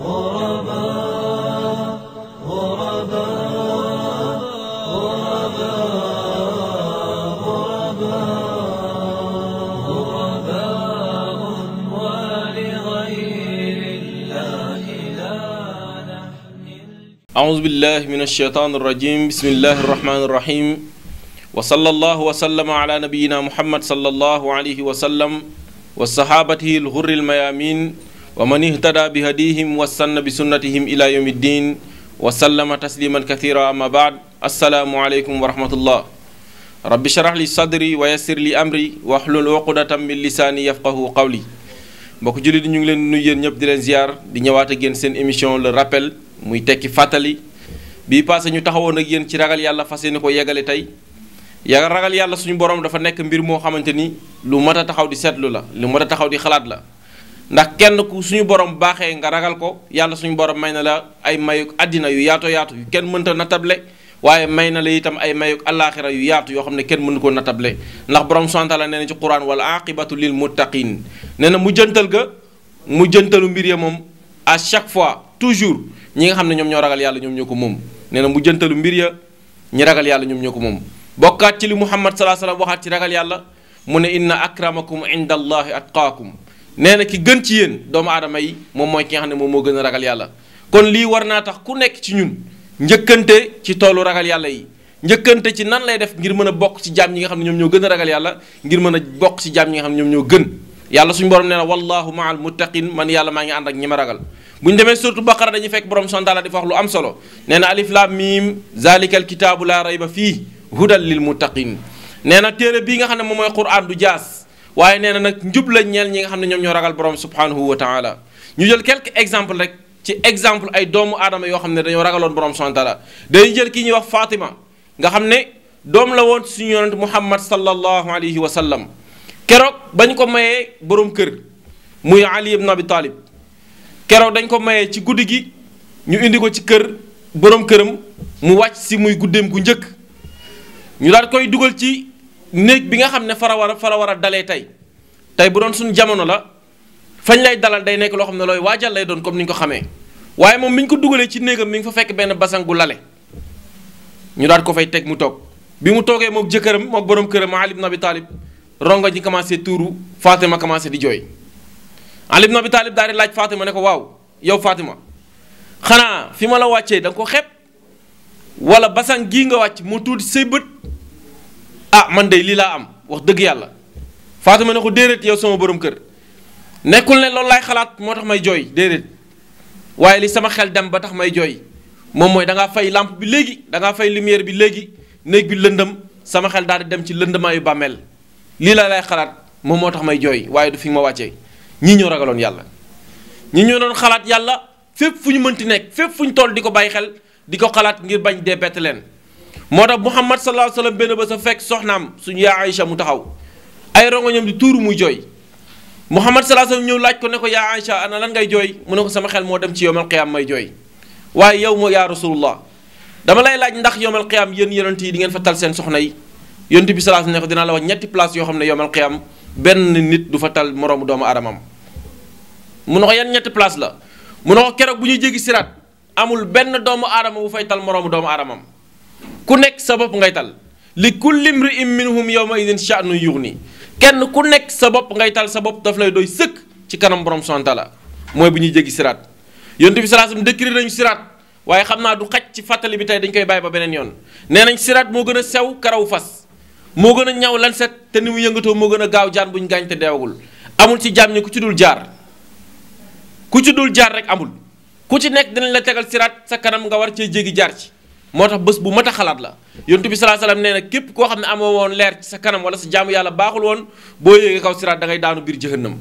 غرباء غرباء غرباء غرباء غرباء ولغير الله لا نحمل أعوذ بالله من الشيطان الرجيم بسم الله الرحمن الرحيم وصلى الله وسلم على نبينا محمد صلى الله عليه وسلم وصحابته الغر الميامين ومن اهتدى بهديهم واستنى بسنتهم إلى يوم الدين وسلم تسليما كثيرا أما بعد السلام عليكم ورحمة الله رب اشرح لي صدري ويسر لي أمري واحلل عقدة من لساني يفقه قولي mbokk jullit ñu ngi leen nuyu yéen ñëpp di leen ziar di ñëwaat ak yéen seen émission le rappel muy tekki fàttali bii passé ñu taxawoon ak yéen ci ragal yàlla fas yéene ko yeggale tey yaa ragal yàlla suñu borom dafa nekk mbir moo xamante ni lu mat a taxaw di seetlu la lu mat a taxaw di xalaat la ndax kenn ku suñu borom baaxee nga ragal ko yàlla suñu borom may na la ay mayu àddina yu yaato yaatu yu kenn mënta natable waaye may na la itam ay mayu alaaxira yu yaatu yoo xam ne kenn mënu ko natable ndax borom sant la nee na ci quran wal aqibatu lil muttaqin nee na mu jëntal ga mujjantalu mbir ya moom a chaque fois toujours ñi nga xam ne ñoom ñoo ragal yàlla ñoom ñoo ko moom nee na mu mbir ya ñi ragal yàlla ñoom ñoo ko moom bokkaat ci li muhammad salaa salaam waxaat ci ragal yàlla mu ne inna akramakum inda allahi atqaakum nee na ki gën ci yéen doomu aadama yi moom mooy ki nga xam ne moom moo gën a ragal yàlla kon lii war naa tax ku nekk ci ñun njëkkante ci toolu ragal yàlla yi njëkkante ci nan lay def ngir mën a bokk ci jaam ñi nga xam ne ñoom ñoo gën a ragal yàlla ngir a bokk ci jaam ñi nga xam ne ñoom ñoo gën yàlla suñu borom nee na wallahu maal muttaqin man yàlla maa ngi ànd ak ñi ma ragal bu ñu demee surtout baqara dañuy fekk borom sontaala di fa wax lu am solo nee na alif lam mim zalikal kitaabu laa ba fii hudal lil muttaqin nee na téere bii nga xam ne moom mooy quran du jaas waaye nee na nag njub la ñeel ñi nga xam ne ñoom ñoo ragal borom subhanahu wa taala ñu jël quelques exemple rek ci exemple ay doomu aadama yoo xam ne dañoo ragaloon borom subhanahu wa taala jël kii ñuy wax Fatima nga xam ne doom la woon suñu yonent Muhammad sallallahu alayhi wa sallam keroog bañ ko mayee borom kër muy Ali ibn Abi taalib keroog dañ ko mayee ci guddi gi ñu indi ko ci kër borom këram mu wàcc si muy guddeem gu njëkk ñu daal koy dugal ci. néeg bi nga xam ne fara war a war a dalee tey tey bu doon suñu jamono la fañ lay dalal day nekk loo xam ne looy waajal lay doon comme ni ñu ko xamee waaye moom mi ñu ko dugalee ci néegam mi ngi fa fekk benn basan gu lale ñu daal ko fay teg mu toog bi mu toogee moom jëkkëram moom borom këram Ali ibn Abi Talib rongo ji commencé tuuru Fatima commencé di jooy Ali ibn bi Talib daal di laaj Fatima ne ko waaw yow Fatima xanaa fi ma la wàccee da nga ko xeeb wala gii nga wàcc mu tuuti ah man day am wax deug yalla Fatima ne ko dedet yow sama borom keur nekul ne lol lay xalat motax may joy dedet waye li sama xel dem ba tax may joy mom moy da nga fay lampe bi léegi da nga fay lumière bi léegi neeg bi lëndëm sama xel daal dem ci lëndëmaayu bàmmeel lii la lay xalat mom motax may joy waye du fi ma wacce ñi ñoo ragalon yalla ñi ñoo don xalat yalla fépp fuñu mënti nek fuñu toll di ko xel di ko ngir bañ dee moo muhammad sallallahu Alaihi wasallam benn ba sa fek soxnam suñu ya aisha mu taxaw ay rongoñam di tour muy joy muhammad sallallahu Alaihi wasallam ñew laaj ko ne ko ya aisha ana lan ngay joy mu ne ko sama xel mo dem ci yowmal qiyam may joy waaye yow mo ya rasulullah dama lay laaj ndax yowmal qiyam yeen yonent di ngeen fa tal seen soxna yi yonent bi sallallahu alaihi wasallam ne ko dina la wax ñetti place yo xamne yowmal qiyam benn nit du fa tal moroomu doomu adamam mu ne ko yan ñetti place la mu ne ko kérok bu ñuy jéggi amul benn doomu aadama bu fay tal moroomu doomu adamam ku nekk sa bopp ngay tal li kulli mri'in minhum yawma idin sha'nu yughni kenn ku nekk sa bopp ngay tal sa bopp daf lay doy sëkk ci kanam borom subhanahu wa mooy bu ñuy jéggi siraat yonent bi sallallahu alayhi wasallam décrire nañu siraat waaye xam naa du xaj ci fàttali bi tey dañ koy bàyyi ba beneen yoon nee nañ siraat moo gën a sew karaw fas moo gën a ñaw lanset te ni mu yëngatoo moo gën a gaaw jaan buñ gaañ te deewagul amul ci jaam ñi ku ci dul jaar ku ci dul jaar rek amul ku ci nekk dinañ la tegal siraat sa kanam nga war cee jéggi jaar ci moo tax bés bu mat a xalaat la yontu bi salaa salaam nee na képp koo xam ne amoo woon leer ci sa kanam wala sa jaamu yàlla baaxul woon boo yéegee kaw siraat da ngay daanu biir jëhannam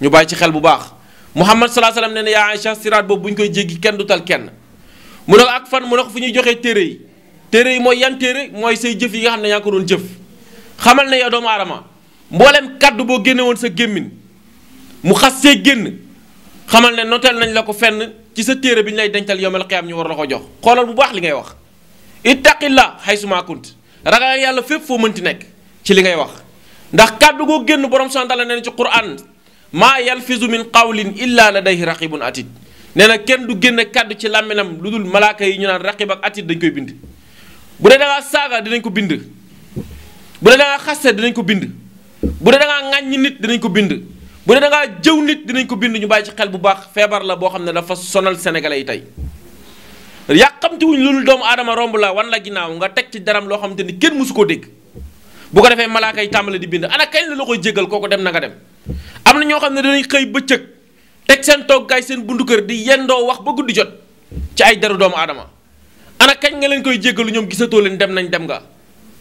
ñu bàyyi ci xel bu baax Muhammad salaa salaam nee na yaa Aïcha siraat boobu bu ñu koy jéggi kenn du tal kenn mu ne ko ak fan mu ne ko fu ñuy joxee téere yi téere yi mooy yan téere mooy say jëf yi nga xam ne yaa ngi ko doon jëf xamal ne yow doomu aadama mbooleem kaddu boo génne woon sa gémmin mu xas see génn xamal ne noteel nañ la ko fenn ci sa téere bi ñu lay dencal yowmal qiyaam ñu war la ko jox xoolal bu baax li ngay wax xay haysumaa kunt ragal yàlla fépp foo mënti nekk ci li ngay wax ndax kàddu goo génn boroom santala nee na ci quran maa yalfizu min qawlin illa ladayhi raqibun atid nee na kenn du génn kàddu ci làmminam lu dul malaaka yi ñu naan raqib ak atid dañ koy bind bu dee da ngaa saaga dinañ ko bind bu dee da ngaa xaste ko bind bu dee da ngaa ŋàññi ko bind bu ne da ngaa jëw nit dinañ ko bind ñu bàyyi ci xel bu baax feebar la boo xam ne dafa sonal sénégalais yi tey yàqamti wuñ loolu doomu adama romb la wan la ginnaaw nga teg ci daram loo xam te ni kenn mësu koo dégg bu ko defee malaaka yi tàmbale di bind ana kañ la la koy jégal kooku dem na dem am na ñoo xam ne danañ xëy bëccëg teg seen toggaay seen bundu kër di yendoo wax ba guddi jot ci ay deru doomu aadama ana kañ nga leen koy jégalu ñoom gisatoo leen dem nañ dem nga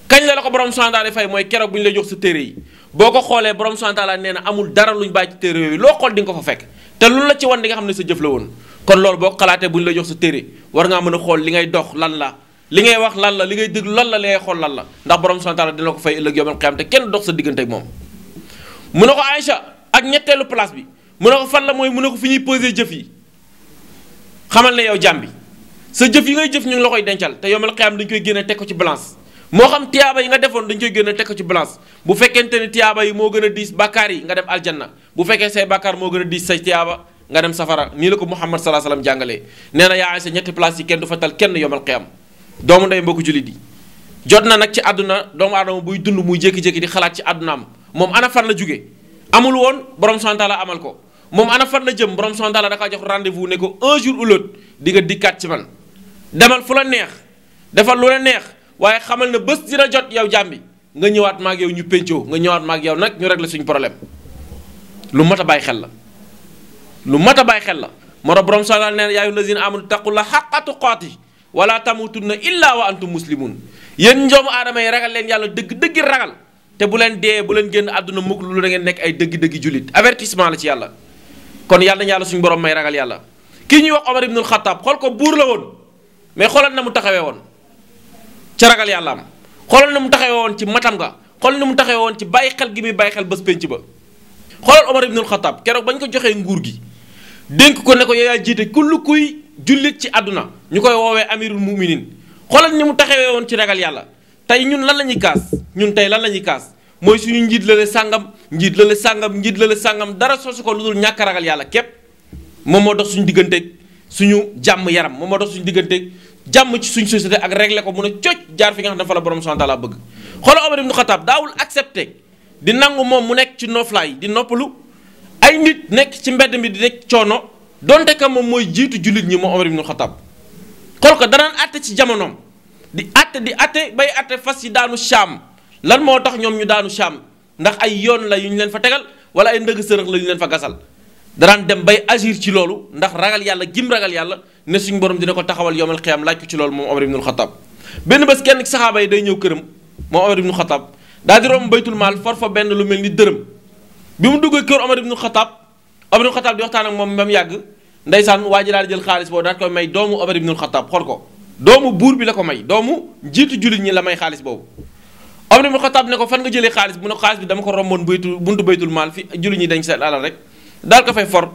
kañ la la ko borom sandaale fay mooy keroog bu ñu lay jox sa téere yi boo ko xoolee borom subhanahu nee na amul dara luñ bàyyi ci téere yooyu loo xool dinga ko ko fekk te lu la ci wan di xam ne sa jëf la woon kon loolu boo xalaatee bu ñu la jox sa téere war ngaa mën a xool li ngay dox lan la li ngay wax lan la li ngay déglu lan la li ngay xool lan la ndax borom subhanahu wa taala dina ko fay ëllëg yawmal qiyaam te kenn dox sa diggante ak moom mu ne ko Aïcha ak ñetteelu place bi mu ne ko fan la mooy mun ne ko fi ñuy posé jëf xamal ne yow jàmbi sa jëf yi ngay jëf ñu la koy dencal te yawmal qiyaam dañ koy génne teg ko ci balance moo xam tiyaaba yi nga defoon dañ koy gën a teg ko ci balance bu fekkente ni tiyaaba yi moo gën a diis bàkkaar yi nga dem aljanna bu fekkee say bàkkaar moo gën a diis say tiyaaba nga dem safara nii la ko Muhammad salaa salaam jàngalee nee na yaa sa ñetti place yi kenn du fa tal kenn yomal xiyam doomu ndey mbokku jullit yi jot na nag ci àdduna doomu aadama buy dund muy jékki-jékki di xalaat ci àdduna moom ana fan la jóge amul woon borom santaala amal ko moom ana fan la jëm borom santaala da kaa jox rendez-vous ne ko un jour ou di nga dikkaat ci man demal fu la neex defal lu neex waaye xamal na bés dina jot yow jàmbi nga ñëwaat maag yow ñu pencoo nga ñëwaat maag yow nag ñu régler suñu problème lu mat a bàyyi xel la lu mat a bàyyi xel la moo tax borom soxlaal nee na yaayu lazina amanu taqu la xaqa tuqaati wala na illa wa antum muslimun yéen njoomu aadama yi ragal leen yàlla dëgg-dëggi ragal te bu leen dee bu leen génn àdduna mukk lu da ngeen nekk ay dëgg-dëggi jullit avertisement la ci yàlla kon yàlla nañu yàlla suñu borom may ragal yàlla kii ñuy wax Omar ibnul xool ko buur la woon mais xoolal na mu taxawee woon ca ragal yàlla am xoolal ni mu taxawee woon ci matam nga xoolal ni mu taxawee woon ci bàyyi xel gi muy bàyyi xel bés penc ba xoolal Omar ibnul Xataab keroog bañ ko joxee nguur gi dénk ko ne ko yaa jiite kullu kuy jullit ci àdduna ñu koy woowee amirul muminin xoolal ni mu taxawee woon ci ragal yàlla tey ñun lan la ñuy kaas ñun tey lan la ñuy kaas mooy suñu njiit la le sàngam njiit la le sàngam njiit la le sàngam dara soosu ko lu dul ñàkk ragal yàlla képp moom moo dox suñu digganteeg suñu jàmm yaram moom moo dox suñu digganteeg jàmm ci suñ société ak régler ko mun a cooc jaar fi nga xam ne fa la borom subhanahu wa taala bëgg xoolal Omar ibn Khattab daawul accepté di nangu moom mu nekk ci noflaay di noppalu ay nit nekk ci mbedd mi di nekk coono donte ka moom mooy jiitu jullit ñi moom Omar ibn Khattab xool ko danaan àtte ci jamonoom di àtte di àtte bay àtte fas yi daanu Sham lan moo tax ñoom ñu daanu Sham ndax ay yoon la yu ñu leen fa tegal wala ay ndëgg sërëx la ñu leen fa gasal daraan dem bay agir ci loolu ndax ragal yàlla gim ragal yàlla ne suñ borom dina ko taxawal yowmal xiyaam laaj ko ci loolu moom Omar ibnul Xataab benn bés kenn saxaaba yi day ñëw këram moom Omar ibnul Xataab daal di romb baytul maal for fa benn lu mel ni dërëm bi mu duggee kër Omar ibnul Xataab Omar ibnul Xataab di waxtaan ak moom ba yàgg ndeysaan waa ji daal jël xaalis boobu daal koy may doomu Omar ibnul Xataab xool ko doomu buur bi la ko may doomu njiitu jullit ñi la may xaalis boobu Omar ibnul Xataab ne ko fan nga jëlee xaalis mu ne ko xaalis bi dama ko romboon baytu buntu baytul maal fi ñi dañ seen alal rek dal ko fay for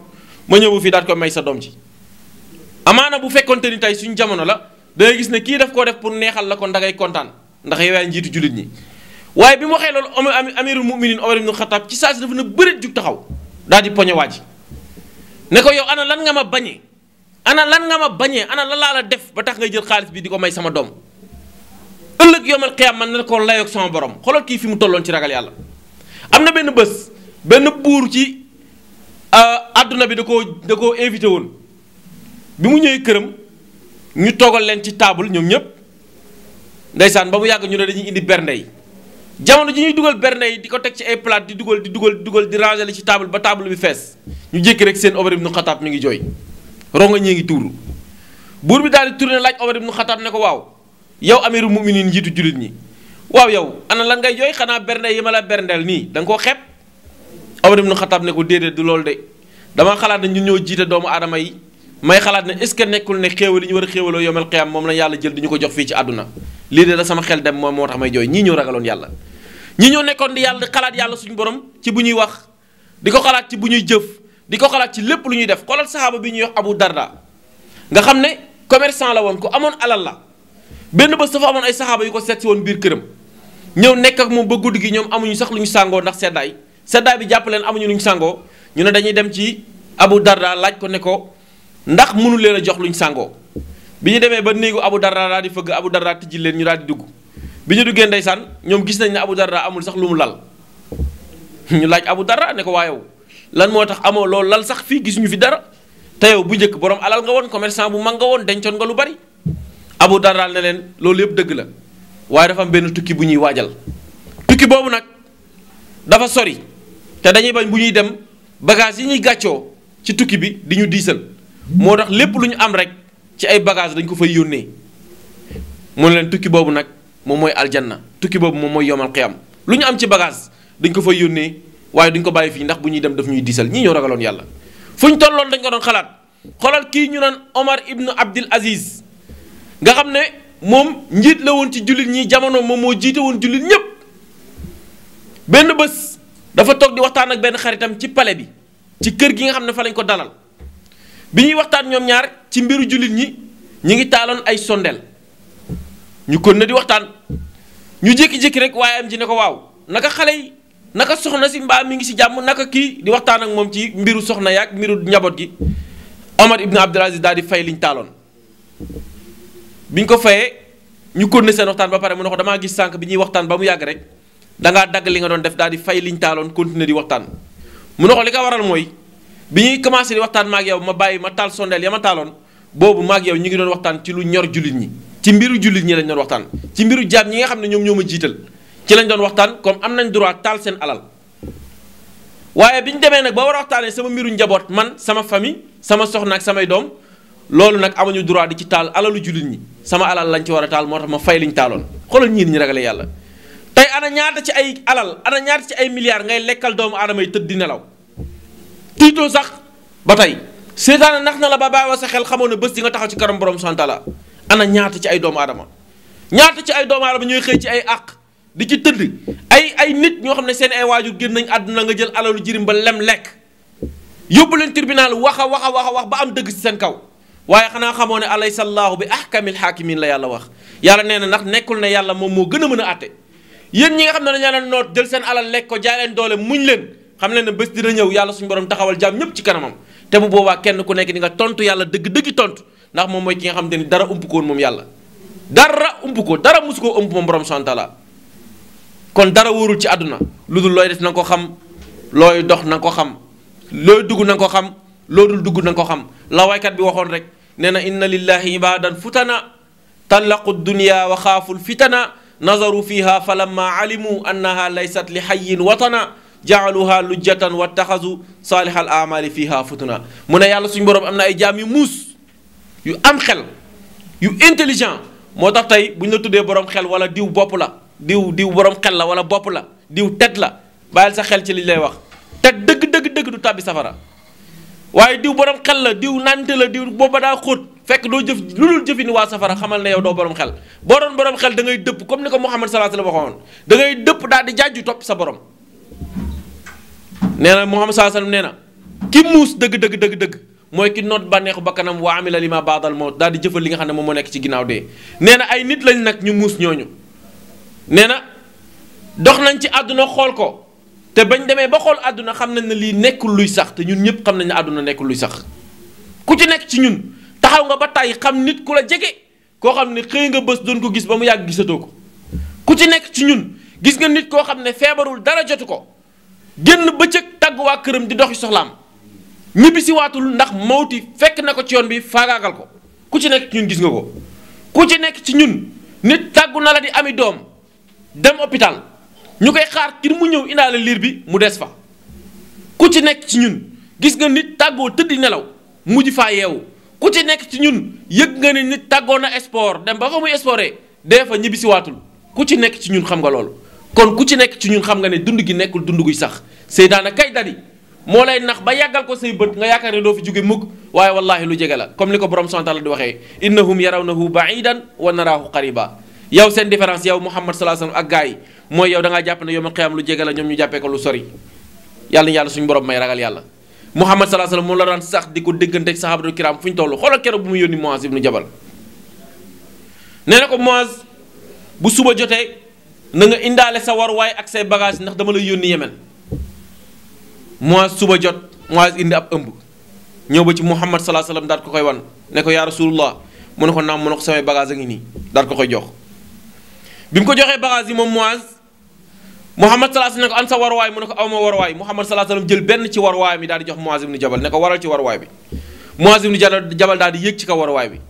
ma ñëwu fi dal ko may sa dom ci amaana bu fekkonté ni tay suñu jamono la day gis ne ki daf ko def pour neexal la kon ndagay contane ndax yow yaay jitu julit ñi waye bi mu waxee lol amirul muminin umar ibn khattab ci saasi dafa na beure juk taxaw dal di poñe waji ne ko yow ana lan nga ma bañé ana lan nga ma bañé ana lala la def ba tax ngay jël xaaliss bi diko may sama dom ëlëk yomal qiyam man na ko sama borom xolal ki fi mu tollon ci ragal yalla amna benn bëss benn buur ci àdduna euh, bi da koo da koo invité woon bi mu ñëwee këram ñu toogal leen ci table ñoom ñëpp ndeysaan ba mu yàgg ñu ne dañuy indi bernde yi jamono ji ñuy dugal bernde yi di ko teg ci ay plate di dugal di dugal di dugal di rangé ci table ba table bi fees ñu jékki rek seen Omar nu Xataab mi ngi jooy ronga ñee ngi tuuru buur bi daal di tourné laaj Omar ibnu Xataab ne ko waaw yow amiru muminin njiitu jullit ñi waaw yow ana lan ngay jooy xanaa bernde yi ma la berndeel nii da nga koo xeeb Omar ibn Khattab ne ko déedéet du lool de dama xalaat ne ñu ñoo jiite doomu aadama yi may xalaat ne est ce que nekkul ne xéewal yi ñu war a xéewaloo yomal xiyaam moom la yàlla jël di ñu ko jox fii ci àdduna lii de la sama xel dem moom moo tax may jooy ñii ñoo ragaloon yàlla ñi ñoo nekkoon di yàlla xalaat yàlla suñu borom ci bu ñuy wax di ko xalaat ci bu ñuy jëf di ko xalaat ci lépp lu ñuy def xoolal saxaaba bi ñuy wax Abu Darda nga xam ne commerçant la woon ku amoon alal la benn bés dafa amoon ay saxaaba yu ko seet si woon biir këram ñëw nekk ak moom ba guddi ñoom amuñu sax lu ñu sàngoo ndax seddaay seddaay bi jàpp leen amuñu luñ sàngoo ñu ne dañuy dem ci Abu dardaa laaj ko ne ko ndax mënu leen a jox luñ sàngoo bi ñu demee ba néegu Abu Darda daal di fëgg Abu Darda tijji leen ñu daal di dugg bi ñu duggee ndeysaan ñoom gis nañ ne Abu Darda amul sax lu mu lal ñu laaj Abu Darda ne ko waayow lan moo tax amoo loolu lal sax fii gisuñu fi dara te yow bu njëkk borom alal nga woon commerçant bu mag nga woon dencoon nga lu bari Abu Darda ne leen loolu yëpp dëgg la waaye dafa benn tukki bu ñuy waajal tukki boobu nag dafa sori. te dañuy bañ bu ñuy dem bagage yi ñuy gàccoo ci tukki bi di ñu diisal moo tax lépp lu ñu am rek ci ay bagage dañ ko fay yónnee mu ne leen tukki boobu nag moom mooy aljanna tukki boobu moom mooy yomal xiyam lu ñu am ci bagage dañ ko fay yónnee waaye duñ ko bàyyi fii ndax bu ñuy dem daf ñuy diisal ñii ñoo ragaloon yàlla fu ñu tolloon dañ ko doon xalaat xoolal kii ñu naan Omar ibnu Abdul Aziz nga xam ne moom njiit la woon ci jullit ñii jamono moom moo jiite woon jullit ñépp dafa tok di waxtaan ak ben xaritam ci palais bi ci kër gi nga xamne fa lañ ko dalal biñu ñuy waxtaan ñoom ñaar ci mbiru julit ñi ñi ngi talon ay sondel ñu kon na di waxtaan ñu jékki-jékki rek waaye am ji ne ko waw naka xalé yi naka soxna si mbaa mi ngi ci jamm naka ki di waxtaan ak mom ci mbiru soxna yak mbiru njabot gi Omar ibn Abdulaziz daal di fay liñ talon biñ ko fayé ñu kon seen waxtaan ba pare mu ne ko dama gis sank ba mu yag rek da nga dag li nga doon def daal di fay liñ taaloon continuer di waxtaan mu ne ko li ko waral mooy bi ñuy commencé di waxtaan maag yow ma bàyyi ma taal sondeel ya ma taaloon boobu maag yow ñu ngi doon waxtaan ci lu ñor julit ñi ci mbiru julit ñi lañ doon waxtaan ci mbiru jaam ñi nga xam ne ñoom ñoo ci lañ doon waxtaan comme am nañ droit taal seen alal waaye bi ñu demee nag ba war a sama mbiru njaboot man sama famille sama soxna ak samay doom loolu nag amuñu droit di ci taal alalu julit ñi sama alal lañ ci war a taal moo tax ma fay liñ taaloon xoolal ñii ñu ragale tey ana ñaata ci ay alal ana ñaata ci ay milliards ngay lekkal doomu aadama yi tëdd di nelaw tiitoo sax ba tey seetaane nax na la ba bàyyiwoo sa xel xamoon ne bés di nga taxaw ci karam borom santala ana ñaata ci ay doomu aadama ñaata ci ay doomu aadama ñooy ci ay àq di ci tëdd ay ay nit ñoo xam ne seen waajur génn nañ àdduna nga jël alalu jirim ba lem lekk yóbbu leen tribunal wax a wax a wax a wax ba am dëgg ci seen kaw waaye xanaa xamoo ne alaysa allahu bi ahkamil hakimin la yàlla wax yàlla nee na nax nekkul ne yàlla moom moo gën a mën a àtte yéen ñi nga xam ne dañaa leen noot jël seen alal lekk ko jaay leen doole muñ leen xam leen ne bés dina ñëw yàlla suñu borom taxawal jaam ñëpp ci kanamam te bu boobaa kenn ku nekk di nga tontu yàlla dëgg dëgg tontu ndax moom mooy ki nga xam te ni dara ump ko woon moom yàlla dara ump ko dara musu koo ump moom borom sant la kon dara wóorul ci àdduna lu dul looy def na ko xam looy dox na nga ko xam looy dugg na ko xam loo dul dugg na ko xam la waykat bi waxoon rek nee na inna lillahi ibadan futana talaqu dunya wa xaaful fitana نظروا فيها فلما علموا أنها ليست لحي وطنا جعلوها لجة واتخذوا صالح الأعمال فيها فتنا من يالا سن بروب امنا اي جامي موس يو ام خيل يو انتليجنت موتاخ تاي بو نوتو دي بروم خيل ولا ديو بوب لا ديو ديو بروم خيل لا ولا بوب لا ديو تيت لا بايل سا خيل سي لي لاي واخ تا دك دك دك دو تابي سفارا واي ديو بروم خيل لا ديو نانت لا ديو بوبا دا خوت fekk doo jëf lu dul jëfin waa safara xamal ne yow doo borom xel boo doon borom xel da ngay dëpp comme ni ko Muhammad sallallahu alayhi wasallam waxoon da ngay dëpp daal di jàjju topp sa borom. na Muhammad sallallahu alayhi nee na ki muus dëgg dëgg dëgg dëgg mooy ki noot bànneexu bakkanam waa amila lima baadal moo daal di jëfal li nga xam ne moom moo nekk ci ginnaaw dee nee na ay nit lañ nag ñu muus ñooñu nee na dox nañ ci àdduna xool ko. te bañ demee ba xool àdduna xam nañ ne lii nekkul luy sax te ñun ñëpp xam nañ ne àdduna nekkul luy sax ku ci nekk ci ñun taxaw nga ba tàyyi xam nit ku la jege koo xam ne xëy nga bés doon ko gis ba mu yàgg gisatoo ko ku ci nekk ci ñun gis nga nit koo xam ne feebarul dara jotu ko génn ba tàgg waa këram di doxi soxlaam ñibbisi waatul ndax mawti fekk na ko ci yoon bi faagaagal ko ku ci nekk ci ñun gis nga ko ku ci nekk ci ñun nit tàggu na la di ami doom dem hôpital ñu koy xaar kin mu ñëw indaale liir bi mu des fa ku ci nekk ci ñun gis nga nit tàggoo tëdd nelaw mujj faa yeewu ku ci nek ci ñun yëg nga ni nit tagona na sport dem ba fa muy sporté dee fa ñibbi si waatul ku ci nek ci ñun xam nga lool kon ku ci nek ci ñun xam nga ne dund gi nekul dund guy sax seydana kay dadi mo lay nax ba yagal ko sey beut nga do fi mukk waye wallahi lu jegal comme li ko borom santal di waxe innahum yarawnahu baidan wa narahu qariba yow sen difference yow muhammad alaihi wasallam ak gay moy yow da nga japp ne yow ma xiyam lu jegal ñom ñu jappé ko lu sori ñu yalla suñu borom may ragal yalla Muhammad salaa salaam moom la daan sax di ko déggante ak saxaabatul kiram fu ñu toll xoolal keroog bu mu yónni Muaz ibnu Jabal nee na ko Muaz bu suba jotee na nga indaale sa waruwaay ak say bagage ndax dama lay yónni Yemen Muaz suba jot Muaz indi ab ëmb ñëw ba ci Muhammad salaa salaam daal ko koy wan ne ko yaa rasulullah mu ne ko naam mu ne ko samay bagage a ngi nii daal ko koy jox bi mu ko joxee bagage yi moom Muaz Muhammad salaas ne ko an sa warwaay mu ne ko aw ma warwaay Muhammad salaas salaam jël benn ci warwaay mi daal di jox Muaz ibn Jabal ne ko waral ci warwaay bi Muaz ibn Jabal daal di yéeg ci kaw warwaay bi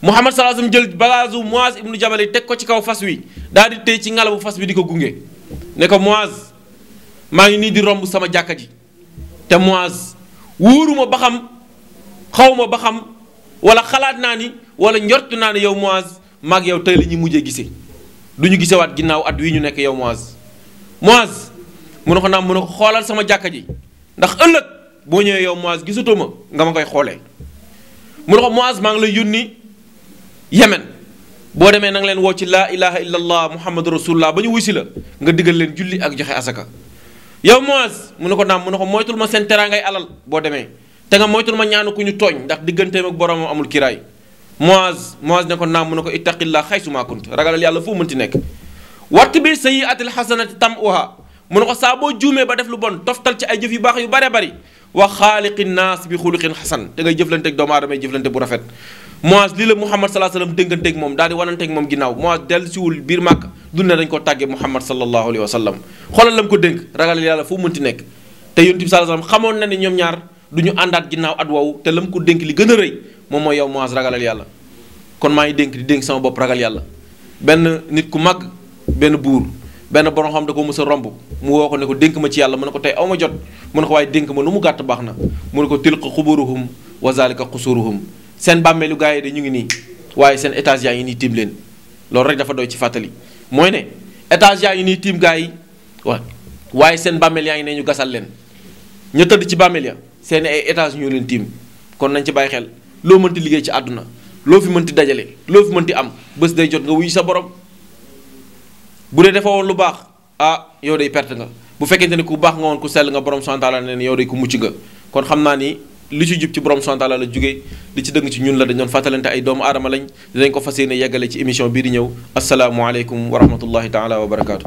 Muhammad salaas salaam jël bagage u Muaz ibn Jabal yi teg ko ci kaw fas wi daal di téye ci ngalabu fas bi di ko gunge ne ko Muaz maa ngi nii di romb sama jàkka ji te Muaz wóoruma ba xam xaw ma ba xam wala xalaat naa ni wala njortu naa ni yow Muaz maag yow tey la ñuy mujjee gisee du ñu gisewaat ginnaaw at wi ñu nekk yow Muaz Moise mu ne ko naam mu ne ko xoolal sama jàkka ji ndax ëllëg boo ñëwee yow Moise ma nga ma koy xoolee mu ne ko Moise maa ngi lay yónni Yemen boo demee na nga leen woo ci laa ilaha illallah muhammadu rasulullah ba ñu wuy si la nga digal leen julli ak joxe asaka yow Moise mu ne ko naam mu ne ko moytul ma seen teraangay alal boo demee te nga moytul ma ñaanu ku ñu tooñ ndax digganteem ak boromam amul kiraay Moise Moise ne ko naam mu ne ko ittaqillah xaysumaa kunt ragalal yàlla foo mënti nekk watt bi sayyi'atil hasanati tam'uha mu ne ko saa boo juumee ba def lu bon toftal ci ay jëf yu baax yu bare bari wa xaaliqi naas bi xuluqin xasan da ngay jëflanteeg doomu aadama yi jëflante bu rafet Muaz lii la Muhammad salaa salaam dënkanteeg moom daal di wananteeg moom ginnaaw Muaz dellu siwul biir màkk dund ne dañ ko tàggee Muhammad sallallahu alayhi wa sallam xoolal la mu ko dénk ragal yàlla fu mënti nekk te yonent bi salaa salaam xamoon na ne ñoom ñaar du ñu àndaat ginnaaw at woowu te la mu ko dénk li gën a rëy moom moo yow Muaz ragalal yàlla kon maa ngi dénk di dénk sama ragal yàlla benn nit ku mag benn buur benn borom xam da ko mës a romb mu woo ko ne ko dénk ma ci yàlla mu na ko tey aw ma jot mu ne ko waaye dénk ma nu mu gàtt baax na mu ne ko tilqa xuburuhum wa zalika xusuruhum seen bàmmeelu gars yi de ñu ngi nii waaye seen étage yaa ngi nii tiim leen loolu rek dafa doy ci fàttali mooy ne étage yaa nii tiim gars yi waaw waaye seen bàmmeel yaa ngi ne ñu gasal leen ñu tëdd ci bàmmeel ya seen ay étage ñoo leen tiim kon nañ ci bàyyi xel loo mënti liggéey ci àdduna loo fi mënti dajale loo fi mënti am bés day jot nga wuyu sa borom bu dee defoo woon lu baax ah yow day perte nga bu fekkente ni ku baax nga woon ku sell nga borom santaala ne yow day ku mucc nga kon xam naa ni li ci jub ci borom santaala la jóge li ci dëng ci ñun la dañoon doon fàttalante ay doomu aadama lañ dinañ ko fas yéene yeggale ci émission bii di ñëw asalaamualeykum wa rahmatullahi taala wa barakaatu.